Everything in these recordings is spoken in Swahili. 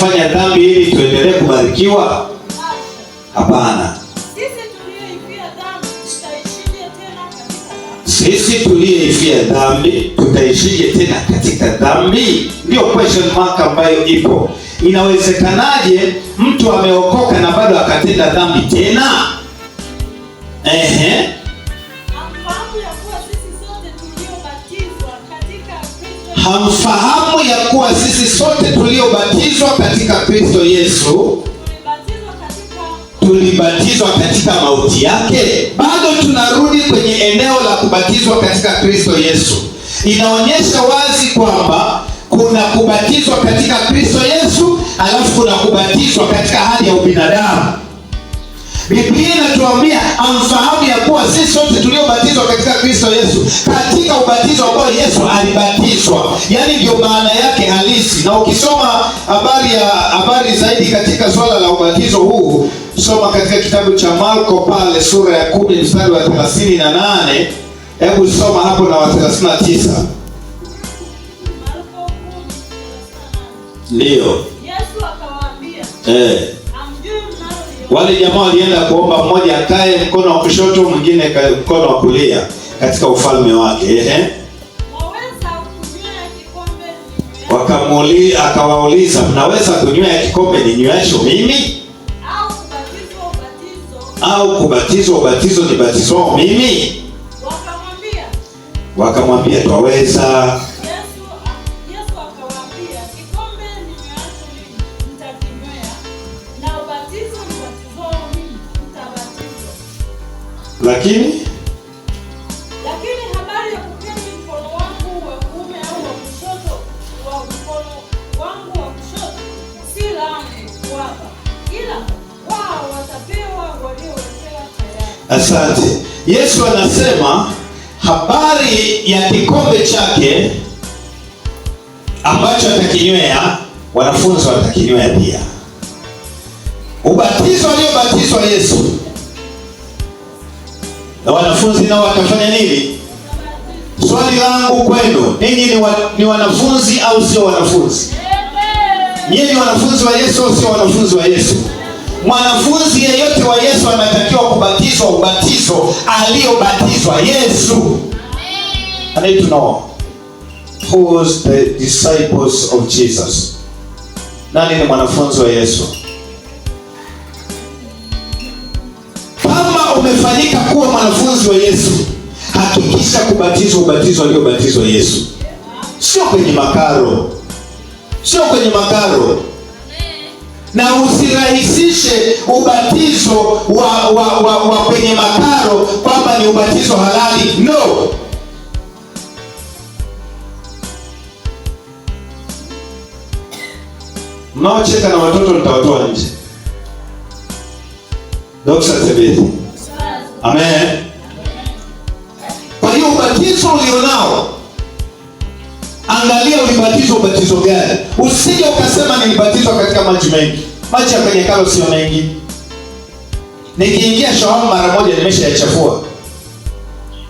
kufanya dhambi ili tuendelee kubarikiwa? Hapana. Sisi tuliyeifia dhambi tutaishije tena katika dhambi? Ndio question mark ambayo ipo. Inawezekanaje mtu ameokoka na bado akatenda dhambi tena? Ehe. ya kuwa sisi hamfahamu ya kuwa sisi sote tuliobatizwa katika Kristo Yesu tulibatizwa katika mauti yake? Bado tunarudi kwenye eneo la kubatizwa katika Kristo Yesu. Inaonyesha wazi kwamba kuna kubatizwa katika Kristo Yesu, alafu kuna kubatizwa katika hali ya ubinadamu. Biblia inatuambia amfahamu ya kuwa sisi sote tuliobatizwa katika Kristo Yesu katika ubatizo ambao Yesu alibatizwa, yaani ndio maana yake halisi. Na ukisoma habari ya habari zaidi katika swala la ubatizo huu, soma katika kitabu cha Marko pale sura ya kumi mstari wa 38. Hebu soma hapo na wa 39. Ndio Yesu akawaambia eh wale jamaa walienda kuomba, mmoja akae mkono wa kushoto, mwingine mkono wa kulia katika ufalme wake. Ehe, wakamuulia, akawauliza mnaweza kunywea kikombe ninyweacho mimi, au kubatizwa ubatizo nibatizwao mimi? Wakamwambia twaweza. lakini lakini habari ya kuketi mkono wangu wa kuume au wa kushoto wa mkono wangu wa kushoto si langu kwapa, ila wao watapewa waliowekewa tayari. Asante. Yesu anasema habari ya kikombe chake ambacho atakinywea wanafunzi watakinywea pia. Ubatizo aliobatizwa Yesu na wanafunzi nao watafanya nini? Swali langu kwenu ninyi ni, wa, ni wanafunzi au sio wanafunzi? Ninyi ni wanafunzi wa Yesu au sio wanafunzi wa Yesu? Mwanafunzi yeyote wa Yesu anatakiwa kubatizwa ubatizo aliyobatizwa Yesu. I need to know who the disciples of Jesus. Nani ni mwanafunzi wa Yesu? kufanyika kuwa mwanafunzi wa Yesu, hakikisha kubatizwa ubatizo aliobatizwa Yesu, sio kwenye makaro, sio kwenye makaro na usirahisishe ubatizo wa, wa, wa, wa kwenye makaro kwamba ni ubatizo halali. No, mnaocheka na watoto nitawatoa nje. doksa tebezi Amen. Kwa hiyo ubatizo ulionao, angalia ulibatizwa ubatizo gani. Usije ukasema nilibatizwa katika maji mengi. Maji ya kwenye kalo sio mengi, nikiingia shawamu mara moja nimeshayachafua.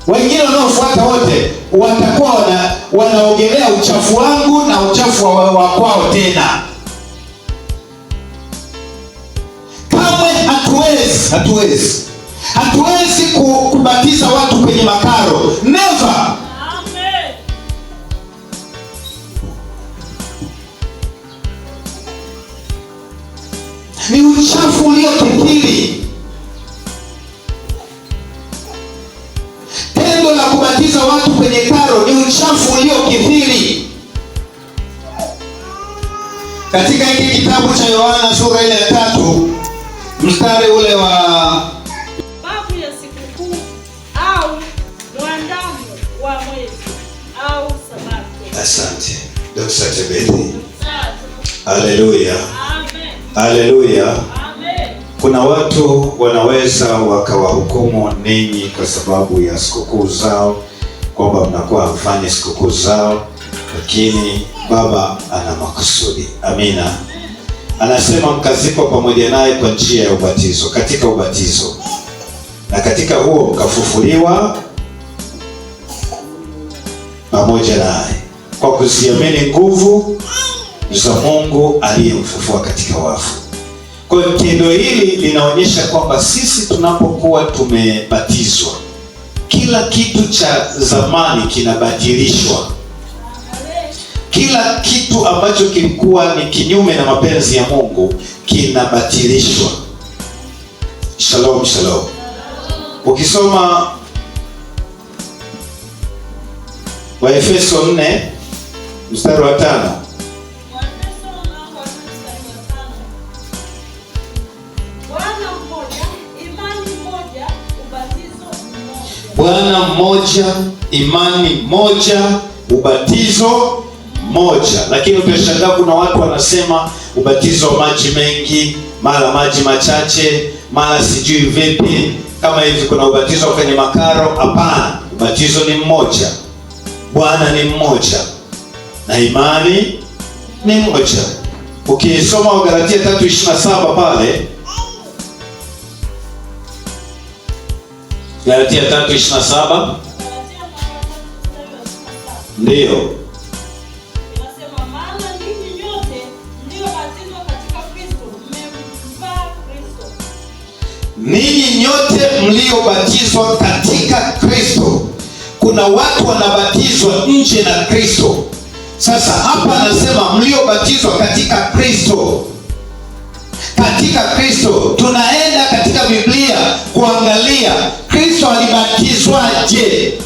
Wengine wanaofuata wote watakuwa wana, wanaogelea uchafu wangu na uchafu wa, wa kwao tena. Kamwe hatuwezi hatuwezi Hatuwezi kubatiza watu kwenye makaro. Never. Amen. Ni uchafu uliokithiri. Tendo la kubatiza watu kwenye karo ni uchafu uliokithiri. Katika hiki kitabu cha Yohana sura ile ya Asante. Don't such Haleluya. Haleluya. Kuna watu wanaweza wakawahukumu ninyi kwa sababu ya sikukuu zao, kwamba mnakuwa hamfanyi sikukuu zao, lakini Baba ana makusudi. Amina. Anasema mkazikwa pamoja naye kwa njia ya ubatizo, katika ubatizo, na katika huo mkafufuliwa pamoja naye kwa kuziamini nguvu za Mungu aliyemfufua katika wafu. Kwa hiyo tendo hili linaonyesha kwamba sisi tunapokuwa tumebatizwa, kila kitu cha zamani kinabatilishwa. Kila kitu ambacho kilikuwa ni kinyume na mapenzi ya Mungu kinabatilishwa. Shalom, shalom. Ukisoma Waefeso 4 mstari wa tano Bwana mmoja, imani moja, ubatizo moja. Lakini utashangaa kuna watu wanasema ubatizo wa maji mengi, mara maji machache, mara sijui vipi, kama hivi kuna ubatizo kwenye makaro. Hapana, ubatizo ni mmoja. Bwana ni mmoja na imani ni moja. Ukisoma Wagalatia 3:27 pale, Galatia 3:27 ndio ninyi nyote mliobatizwa katika Kristo. Kuna watu wanabatizwa nje na Kristo sasa hapa anasema mliobatizwa katika Kristo, katika Kristo. Tunaenda katika Biblia kuangalia Kristo alibatizwaje.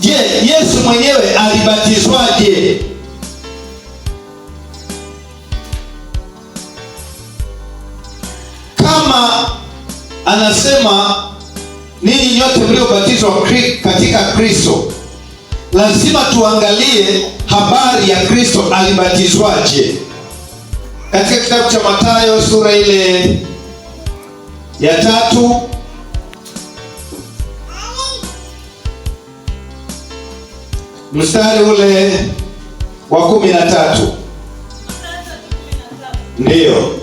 Je, Yesu mwenyewe alibatizwaje? Kama anasema nyote mliobatizwa katika Kristo, lazima tuangalie habari ya Kristo alibatizwaje. Katika kitabu cha Mathayo sura ile ya tatu mstari ule wa kumi na tatu ndiyo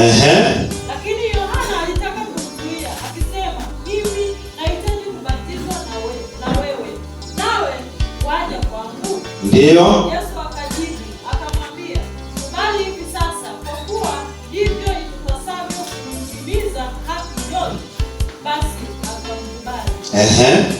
Lakini Yohana alitaka kumzuia akisema, mimi nahitaji kubatizwa na wewe, nawe waje kwangu? ndio Yesu akajibu akamwambia, bali hivi sasa, kwa kuwa hivyo ipasavyo kumtimiza haki yote. Basi akamkubali.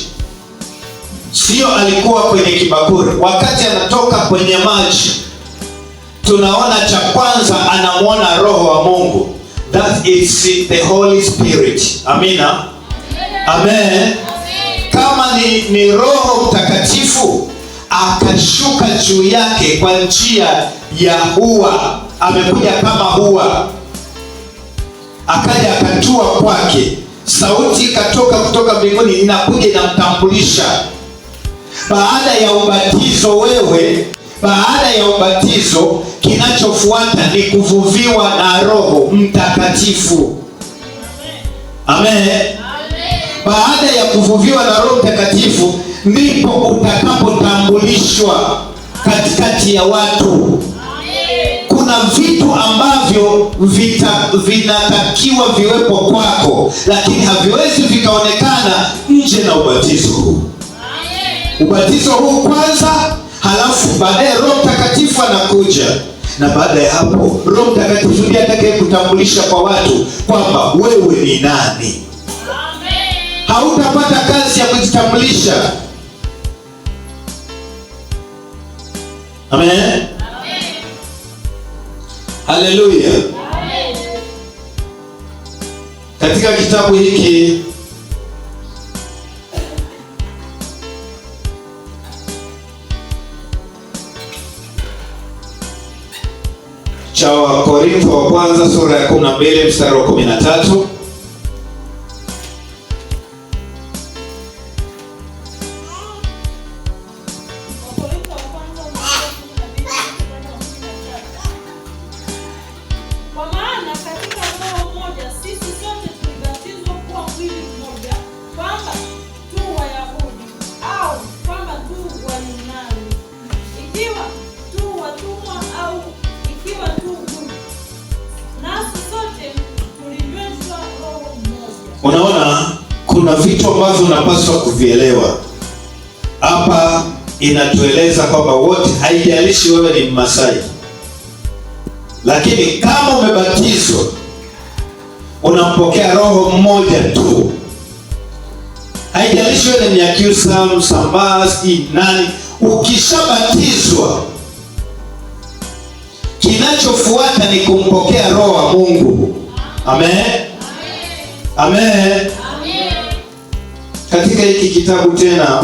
sio alikuwa kwenye kibakuri. Wakati anatoka kwenye maji, tunaona cha kwanza anamwona roho wa Mungu, that is the Holy Spirit. Amina, amen. Kama ni, ni Roho Mtakatifu akashuka juu yake kwa njia ya hua, amekuja kama hua, akaja akatua kwake, sauti ikatoka kutoka mbinguni inakuja inamtambulisha baada ya ubatizo wewe, baada ya ubatizo kinachofuata ni kuvuviwa na Roho Mtakatifu. Amen. Baada ya kuvuviwa na Roho Mtakatifu ndipo utakapotambulishwa katikati ya watu. Kuna vitu ambavyo vita, vinatakiwa viwepo kwako, lakini haviwezi vikaonekana nje na ubatizo huu ubatizo huu kwanza, halafu baadaye Roho Mtakatifu anakuja, na baada ya hapo Roho Mtakatifu ndiye atakaye kutambulisha kwa watu kwamba wewe ni nani. Hautapata kazi ya kujitambulisha. Amen, amen. Haleluya. Katika kitabu hiki cha Wakorintho wa kwanza sura ya 12 mstari wa Unaona, kuna vitu ambavyo unapaswa kuvielewa hapa. Inatueleza kwamba wote, haijalishi wewe ni Mmasai, lakini kama umebatizwa unampokea Roho mmoja tu, haijalishi wewe ni Nyakyusa, Msambaa, nani. Ukishabatizwa, kinachofuata ni kumpokea Roho wa Mungu. Amen. Amen. Katika hiki kitabu tena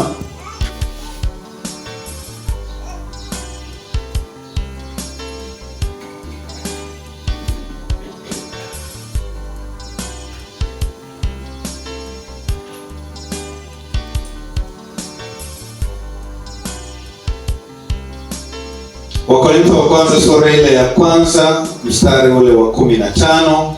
Wakorintho wa kwanza sura ile ya kwanza mstari ule wa kumi na tano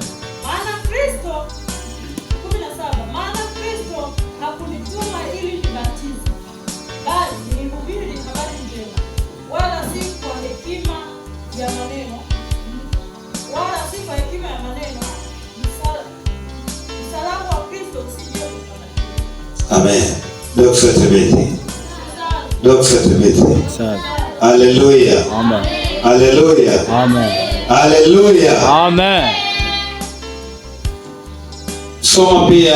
Dr. Tibeti. Dr. Tibeti. Amen. Amen. Amen. Soma pia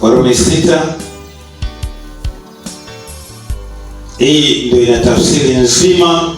Warumi sita. Hii ndio ina tafsiri nzima